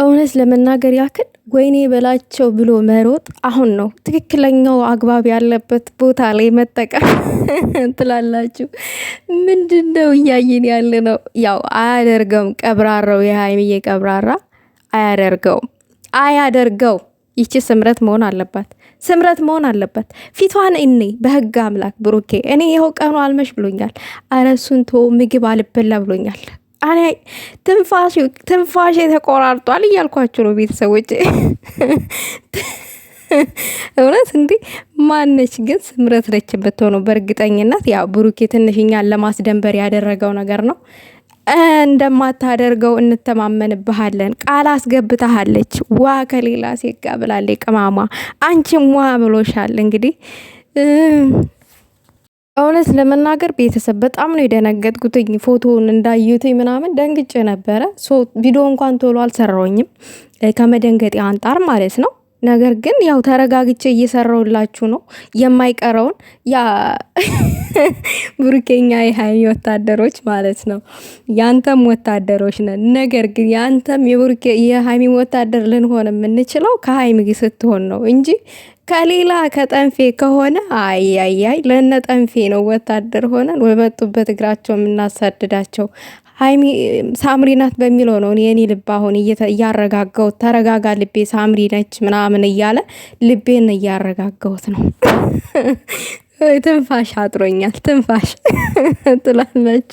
እውነት ለመናገር ያክል ወይኔ በላቸው ብሎ መሮጥ አሁን ነው ትክክለኛው አግባብ ያለበት ቦታ ላይ መጠቀም ትላላችሁ። ምንድን ነው እያየን ያለ ነው? ያው አያደርገውም። ቀብራራው የሀይሚዬ ቀብራራ አያደርገውም፣ አያደርገው። ይቺ ስምረት መሆን አለባት፣ ስምረት መሆን አለባት። ፊቷን እኔ በህግ አምላክ ብሩኬ፣ እኔ ይኸው ቀኑ አልመሽ ብሎኛል። አረሱን ቶ ምግብ አልበላ ብሎኛል። ትንፋሽ ተቆራርጧል እያልኳቸው ነው ቤተሰቦች። እውነት እንዲህ ማነች ግን ስምረት ነች የምትሆነው በእርግጠኝነት። ያው ብሩኬ ትንሽኛን ለማስደንበር ያደረገው ነገር ነው። እንደማታደርገው እንተማመንብሃለን። ቃል አስገብታሃለች። ዋ ከሌላ ሴጋ ብላለች። ቅማሟ አንቺም ዋ ብሎሻል እንግዲህ እውነት ለመናገር ቤተሰብ በጣም ነው የደነገጥኩትኝ። ፎቶውን እንዳዩትኝ ምናምን ደንግጬ ነበረ። ቪዲዮ እንኳን ቶሎ አልሰራውኝም ከመደንገጤ አንጣር ማለት ነው። ነገር ግን ያው ተረጋግቼ እየሰራውላችሁ ነው። የማይቀረውን ያ ብሩኬኛ የሀይሚ ወታደሮች ማለት ነው። ያንተም ወታደሮች ነን። ነገር ግን ያንተም የሀይሚ ወታደር ልንሆን የምንችለው ከሀይሚ ስትሆን ነው እንጂ ከሌላ ከጠንፌ ከሆነ አያያይ ለነ ጠንፌ ነው ወታደር ሆነን በመጡበት እግራቸው የምናሳድዳቸው። ሀይሚ ሳምሪ ናት በሚለው ነው የኔ ልብ አሁን እያረጋጋሁት፣ ተረጋጋ ልቤ ሳምሪ ነች ምናምን እያለ ልቤን እያረጋጋሁት ነው። ትንፋሽ አጥሮኛል ትንፋሽ ትላለች።